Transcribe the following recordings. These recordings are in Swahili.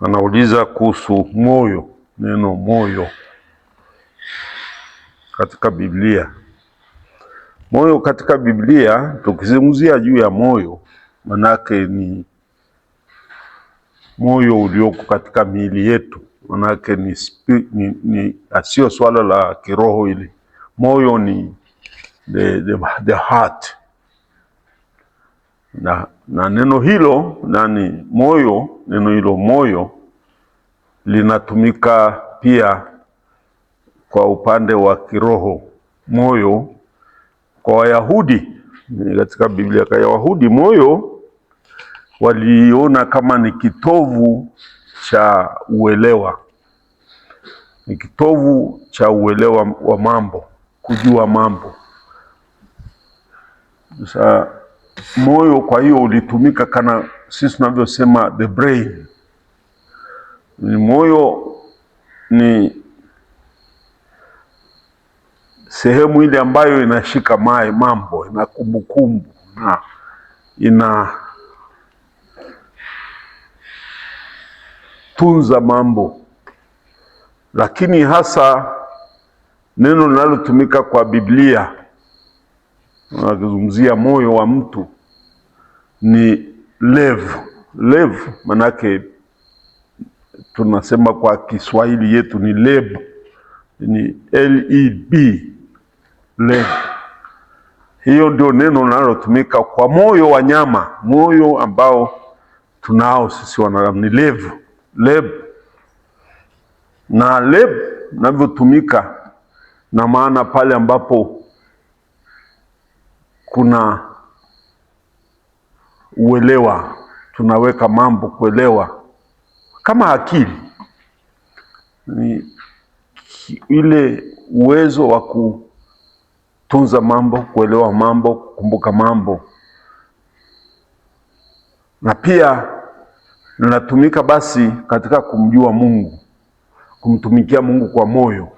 anauliza kuhusu moyo, neno moyo katika Biblia. Moyo katika Biblia, tukizungumzia juu ya moyo, manake ni moyo ulioko katika miili yetu, manake ni, ni, ni sio swala la kiroho. Ili moyo ni the, the, the heart na, na neno hilo nani moyo, neno hilo moyo linatumika pia kwa upande wa kiroho. Moyo kwa Wayahudi katika Biblia, kwa Wayahudi moyo waliona kama ni kitovu cha uelewa, ni kitovu cha uelewa wa mambo, kujua mambo sasa Moyo kwa hiyo ulitumika kana sisi tunavyosema the brain. Ni moyo ni sehemu ile ambayo inashika mai mambo ina kumbukumbu na ina tunza mambo, lakini hasa neno linalotumika kwa Biblia akizungumzia moyo wa mtu ni levu. Levu manake tunasema kwa Kiswahili yetu ni leb, ni leb, leb. Hiyo ndio neno linalotumika kwa moyo wa nyama, moyo ambao tunao sisi wanadamu ni levu, leb. Na leb navyotumika na maana pale ambapo kuna uelewa, tunaweka mambo kuelewa kama akili ni ile uwezo wa kutunza mambo, kuelewa mambo, kukumbuka mambo, na pia linatumika basi katika kumjua Mungu, kumtumikia Mungu kwa moyo.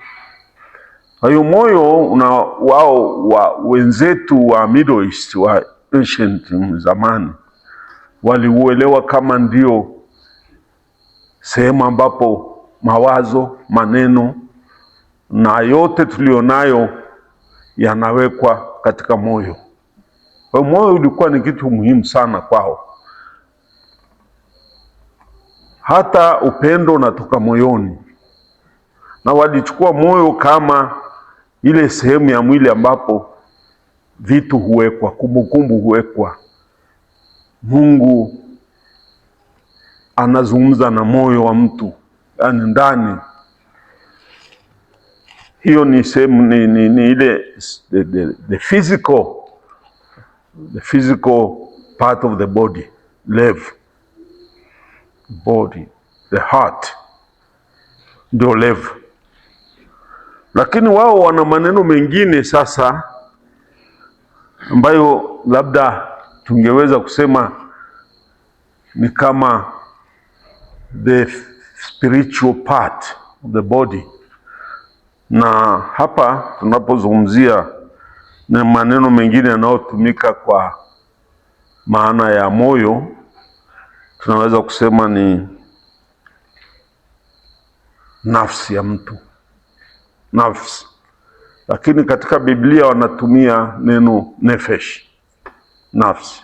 Kwa hiyo moyo una wao wa wenzetu wa Middle East wa ancient zamani waliuelewa kama ndio sehemu ambapo mawazo, maneno na yote tulionayo yanawekwa katika moyo. Kwa hiyo moyo ulikuwa ni kitu muhimu sana kwao. Hata upendo unatoka moyoni, na walichukua moyo kama ile sehemu ya mwili ambapo vitu huwekwa, kumbukumbu huwekwa. Mungu anazungumza na moyo wa mtu, yani ndani. Hiyo ni sehemu ni, ni, ni ile the, the, the physical the physical part of the body leve body the heart ndio leve, lakini wao wana maneno mengine sasa ambayo labda tungeweza kusema ni kama the spiritual part of the body, na hapa tunapozungumzia na maneno mengine yanayotumika kwa maana ya moyo, tunaweza kusema ni nafsi ya mtu, nafsi. Lakini katika Biblia wanatumia neno nefesh nafsi,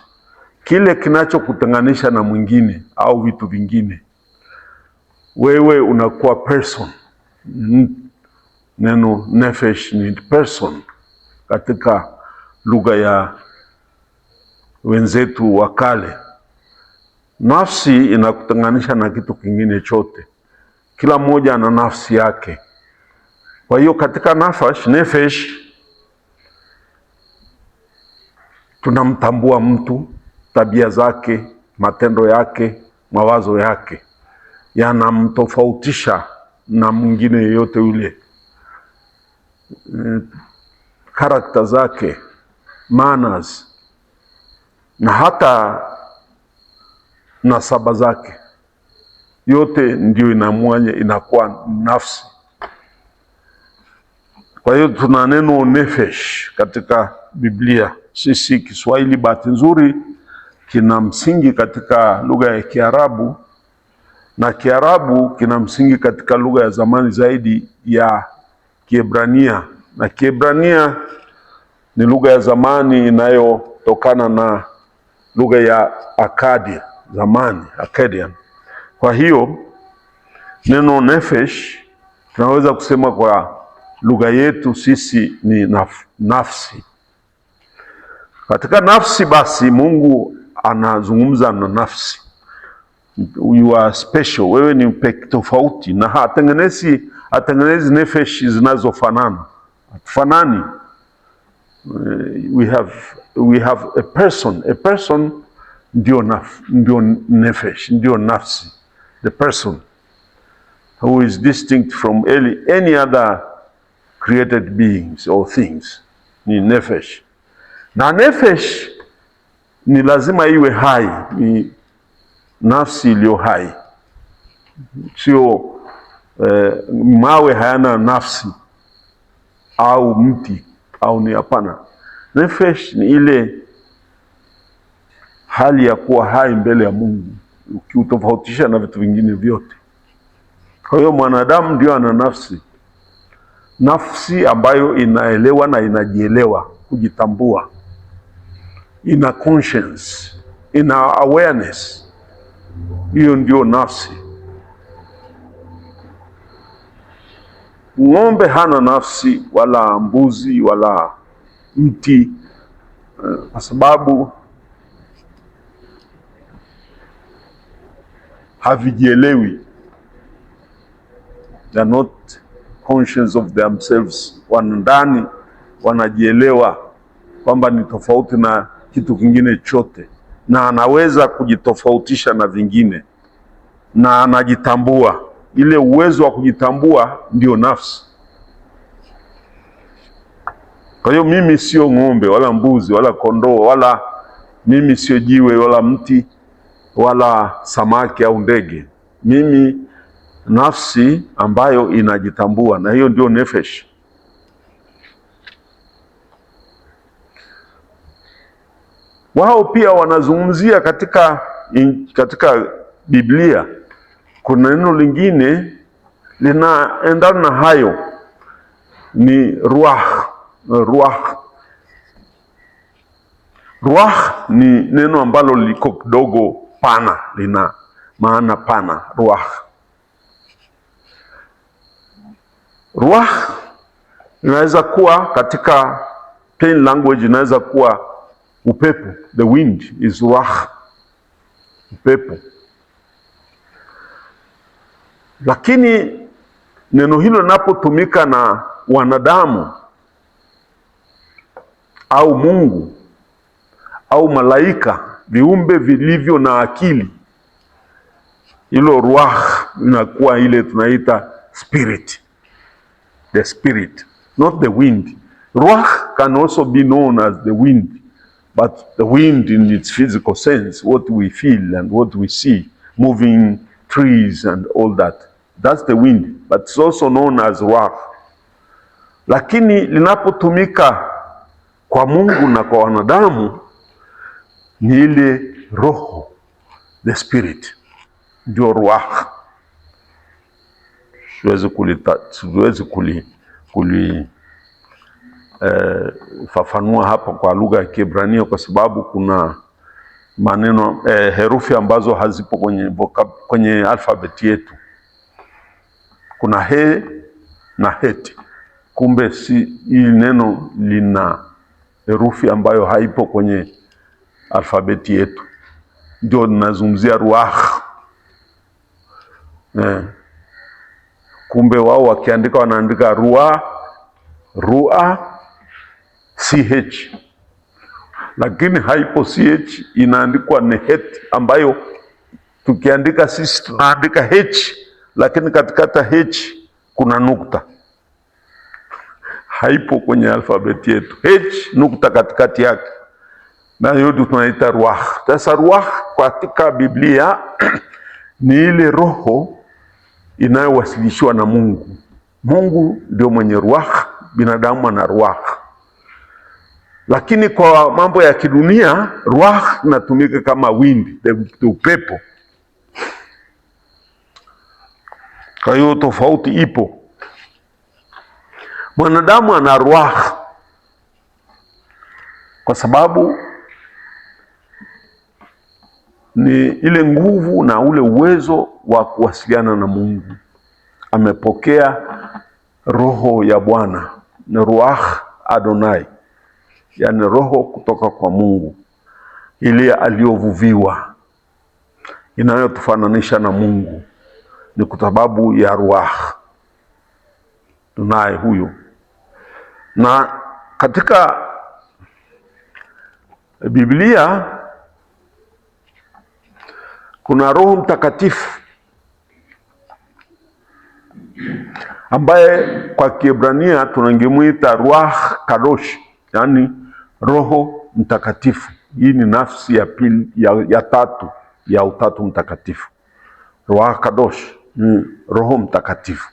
kile kinachokutenganisha na mwingine au vitu vingine. Wewe unakuwa person. Neno nefesh ni person katika lugha ya wenzetu wa kale. Nafsi inakutenganisha na kitu kingine chote. Kila mmoja ana nafsi yake. Kwa hiyo katika nafasi nefesh tunamtambua mtu, tabia zake, matendo yake, mawazo yake yanamtofautisha na mwingine yeyote yule. Karakta eh, zake, manners na hata nasaba zake, yote ndio inamwanya, inakuwa nafsi kwa hiyo tuna neno nefesh katika Biblia. Sisi Kiswahili bahati nzuri kina msingi katika lugha ya Kiarabu na Kiarabu kina msingi katika lugha ya zamani zaidi ya Kiebrania, na Kiebrania ni lugha ya zamani inayotokana na lugha ya Akadia zamani, Akadian. Kwa hiyo neno nefesh tunaweza kusema kwa lugha yetu sisi ni naf, nafsi. Katika nafsi basi Mungu anazungumza na nafsi, you are special, wewe ni tofauti, na hatengenezi hatengenezi nefeshi zinazofanana, hatufanani. Eh, we have, we have a person, a person ndio naf, ndio nefesh, ndio nafsi, the person who is distinct from any other created beings or things ni nefesh, na nefesh ni lazima iwe hai, ni nafsi iliyo hai, sio eh, mawe hayana nafsi au mti au ni hapana. Nefesh ni ile hali ya kuwa hai mbele ya Mungu, ukiutofautisha na vitu vingine vyote. Kwa hiyo mwanadamu ndio ana nafsi nafsi ambayo inaelewa na inajielewa, kujitambua, ina conscience, ina awareness. Hiyo ndio nafsi. Ng'ombe hana nafsi, wala mbuzi, wala mti, eh, kwa sababu havijielewi, they are not conscience of themselves, wana ndani wanajielewa kwamba ni tofauti na kitu kingine chote, na anaweza kujitofautisha na vingine na anajitambua. Ile uwezo wa kujitambua ndio nafsi. Kwa hiyo mimi sio ng'ombe wala mbuzi wala kondoo wala mimi sio jiwe wala mti wala samaki au ndege. Mimi nafsi ambayo inajitambua, na hiyo ndio nefesh. Wao pia wanazungumzia katika, katika Biblia kuna neno lingine linaendana na hayo ni ruah. Ruah, ruah ni neno ambalo liko kidogo pana, lina maana pana ruah Ruah inaweza kuwa katika plain language, inaweza kuwa upepo, the wind is ruah, upepo. Lakini neno hilo linapotumika na wanadamu au Mungu au malaika, viumbe vilivyo na akili, hilo ruah inakuwa ile tunaita spirit the spirit, not the wind. Ruach can also be known as the wind, but the wind in its physical sense, what we feel and what we see, moving trees and all that, that's the wind, but it's also known as ruach. Lakini linapotumika kwa Mungu na kwa wanadamu ni ile roho, the spirit, ndio ruach siwezi siwezi kuli, kuli eh, fafanua hapa kwa lugha ya Kiebrania kwa sababu kuna maneno eh, herufi ambazo hazipo kwenye vocab, kwenye alfabeti yetu. Kuna he na heti, kumbe si hili neno lina herufi ambayo haipo kwenye alfabeti yetu, ndio ninazungumzia ruah eh. Kumbe wao wakiandika wanaandika rua rua ch, lakini haipo ch, inaandikwa ni het, ambayo tukiandika sisi tunaandika h, lakini katikata h kuna nukta haipo kwenye alfabeti yetu h nukta katikati yake, na yote tunaita ruah. Sasa ruah katika Biblia ni ile roho inayowasilishiwa na Mungu. Mungu ndio mwenye ruah binadamu ana ruah. lakini kwa mambo ya kidunia ruah inatumika kama windi upepo. Kwa hiyo tofauti ipo. Mwanadamu ana ruah kwa sababu ni ile nguvu na ule uwezo wa kuwasiliana na Mungu. Amepokea roho ya Bwana, ni ruach Adonai, yaani roho kutoka kwa Mungu ile aliyovuviwa inayotufananisha na Mungu ni kwa sababu ya ruah tunaye huyo. Na katika Biblia kuna Roho Mtakatifu ambaye kwa Kiebrania tunangemwita Ruach Kadosh, yaani Roho Mtakatifu. Hii ni nafsi ya pili, ya, ya tatu ya utatu mtakatifu. Ruach Kadosh ni mm, Roho Mtakatifu,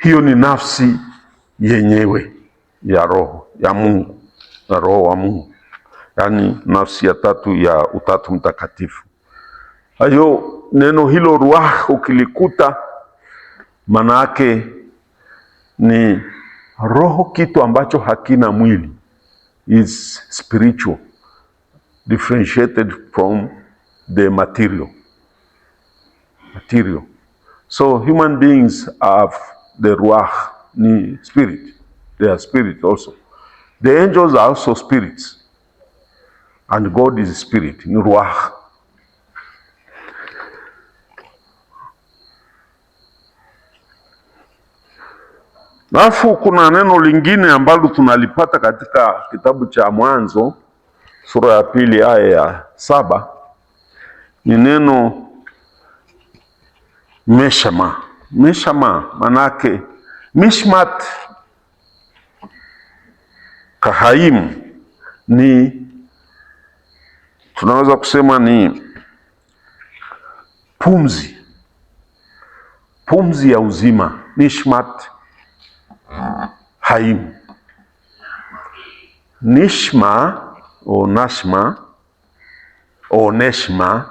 hiyo ni nafsi yenyewe ya roho ya Mungu na roho wa Mungu, yaani nafsi ya tatu ya utatu mtakatifu. Kwa hiyo neno hilo ruah ukilikuta maana yake ni roho, kitu ambacho hakina mwili, is spiritual differentiated from the material material. So human beings have the ruah, ni spirit, they are spirit also. The angels are also spirits and God is spirit, ni ruah Alafu kuna neno lingine ambalo tunalipata katika kitabu cha Mwanzo sura ya pili aya ya saba ni neno meshama. Meshama manake mishmat kahaim ni tunaweza kusema ni pumzi, pumzi ya uzima mishmat haimu. Nishma onashma oneshma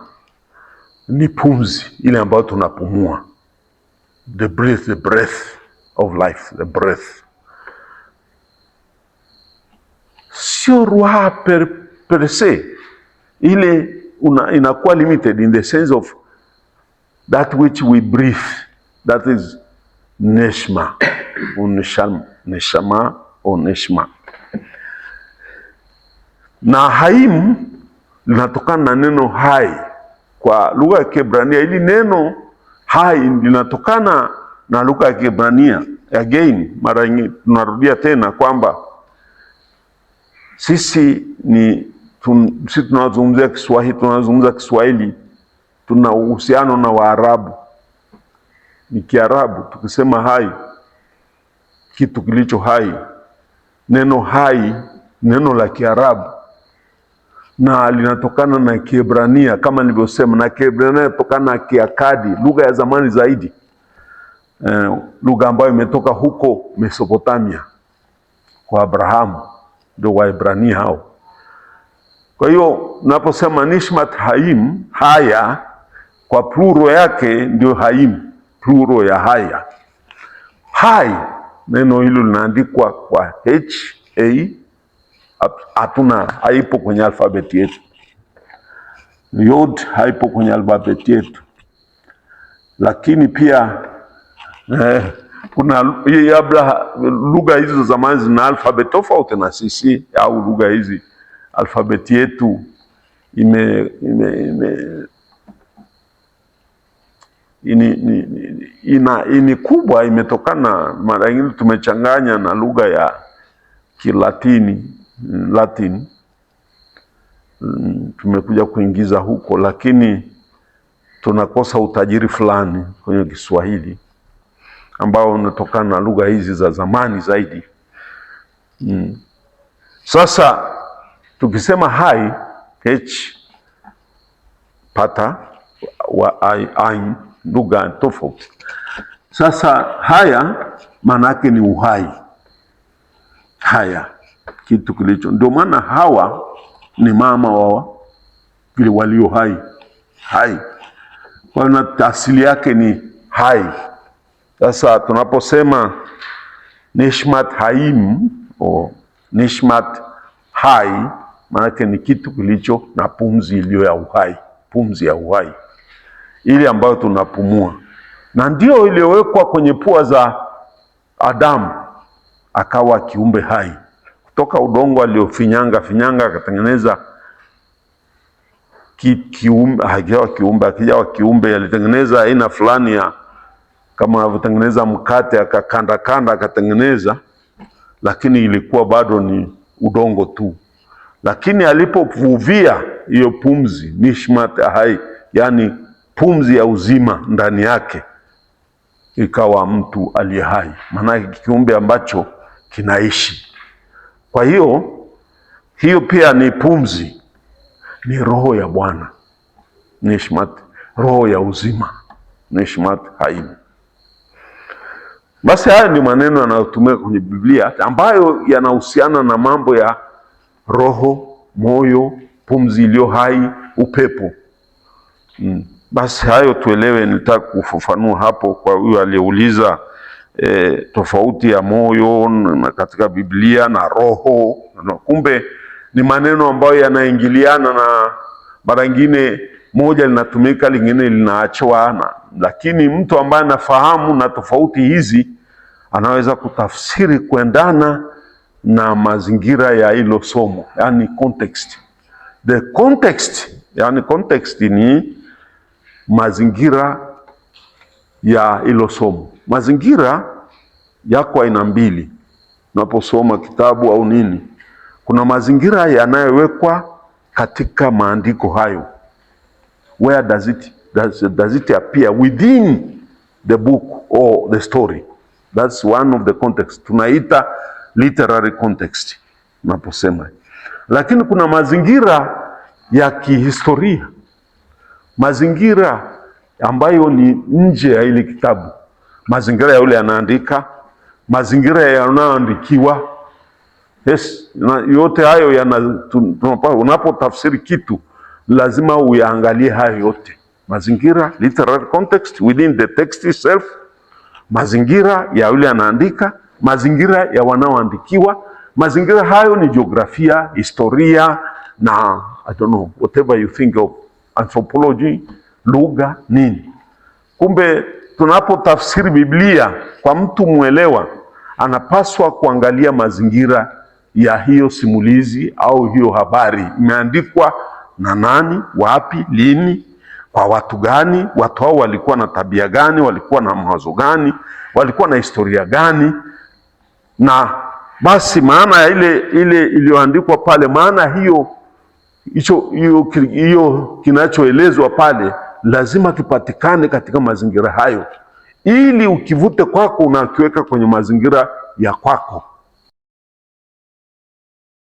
ni pumzi ile ambayo tunapumua, the breath, the breath of life, the breath sio ruha per, per se ile una, inakuwa limited in the sense of that which we breathe, that is neshma uneshama oneshma. Na haim linatokana na neno hai kwa lugha ya Kiebrania. Hili neno hai linatokana na lugha ya Kiebrania. Again, mara nyingi tunarudia tena kwamba sisi ni tun, si tunazungumzia Kiswahili, tunazungumza Kiswahili, tuna uhusiano na Waarabu, ni Kiarabu tukisema hai kitu kilicho hai. Neno hai, neno la Kiarabu na linatokana na Kiebrania kama nilivyosema, na Kiebrania linatokana na Kiakadi, lugha ya zamani zaidi eh, lugha ambayo imetoka huko Mesopotamia kwa Abrahamu, ndio Waebrania hao. Kwa hiyo naposema nishmat haim, haya kwa pluro yake ndio haim, pluro ya haya, hai neno hilo linaandikwa kwa H A, hatuna haipo kwenye alfabeti yetu. Yod haipo kwenye alfabeti yetu, lakini pia eh, kuna labda lugha za zamani zina alfabeti tofauti na sisi, au lugha hizi alfabeti yetu ime, ime, ime ni ni, ina ini kubwa imetokana, mara nyingi tumechanganya na lugha ya Kilatini Latin, mm, tumekuja kuingiza huko, lakini tunakosa utajiri fulani kwenye Kiswahili ambao unatokana na lugha hizi za zamani zaidi. Mm. Sasa tukisema hai h pata wa, ai, ai, lugha tofauti. Sasa haya maana yake ni uhai. Haya kitu kilicho, ndio maana hawa ni mama wa vile walio hai hai, kwa asili yake ni hai. Sasa tunaposema nishmat haim o nishmat hai, maanake ni kitu kilicho na pumzi iliyo ya uhai, pumzi ya uhai ile ambayo tunapumua, na ndio iliyowekwa kwenye pua za Adamu, akawa kiumbe hai kutoka udongo aliofinyanga finyanga, akatengeneza ki, kiumbe hakijawa kiumbe, akijawa kiumbe alitengeneza aina fulani ya kama anavyotengeneza mkate, akakandakanda akatengeneza, lakini ilikuwa bado ni udongo tu. Lakini alipovuvia hiyo pumzi nishmat hai, yani pumzi ya uzima ndani yake ikawa mtu aliye hai, maanake kiumbe ambacho kinaishi. Kwa hiyo hiyo pia ni pumzi, ni roho ya Bwana nishmat, roho ya uzima nishmat haim. Basi haya ndio maneno yanayotumika kwenye Biblia ambayo yanahusiana na mambo ya roho, moyo, pumzi iliyo hai, upepo mm. Basi hayo tuelewe. Nilitaka kufafanua hapo kwa huyo aliyeuliza e, tofauti ya moyo katika Biblia na roho. Kumbe ni maneno ambayo yanaingiliana na mara nyingine moja linatumika lingine linaachwa na, lakini mtu ambaye anafahamu na tofauti hizi anaweza kutafsiri kuendana na mazingira ya hilo somo, yani context. The context, yani context ni mazingira ya hilo somo. Mazingira yako aina mbili unaposoma kitabu au nini. Kuna mazingira yanayowekwa katika maandiko hayo, where does it, does, does it appear within the book or the story. That's one of the context, tunaita literary context unaposema, lakini kuna mazingira ya kihistoria mazingira ambayo ni nje ya ile kitabu, mazingira ya yule anaandika, mazingira yanayoandikiwa. Yes, yote hayo yana, unapotafsiri kitu lazima uyaangalie hayo yote mazingira, literary context within the text itself, mazingira ya yule anaandika, mazingira ya wanaoandikiwa. Mazingira hayo ni jiografia, historia na I don't know whatever you think of anthropology, lugha nini. Kumbe tunapotafsiri Biblia kwa mtu mwelewa, anapaswa kuangalia mazingira ya hiyo simulizi au hiyo habari, imeandikwa na nani, wapi, lini, kwa watu gani, watu hao walikuwa na tabia gani, walikuwa na mawazo gani, walikuwa na historia gani, na basi maana ya ile ile iliyoandikwa pale, maana hiyo hicho hiyo kinachoelezwa pale lazima kipatikane katika mazingira hayo, ili ukivute kwako unakiweka kwenye mazingira ya kwako.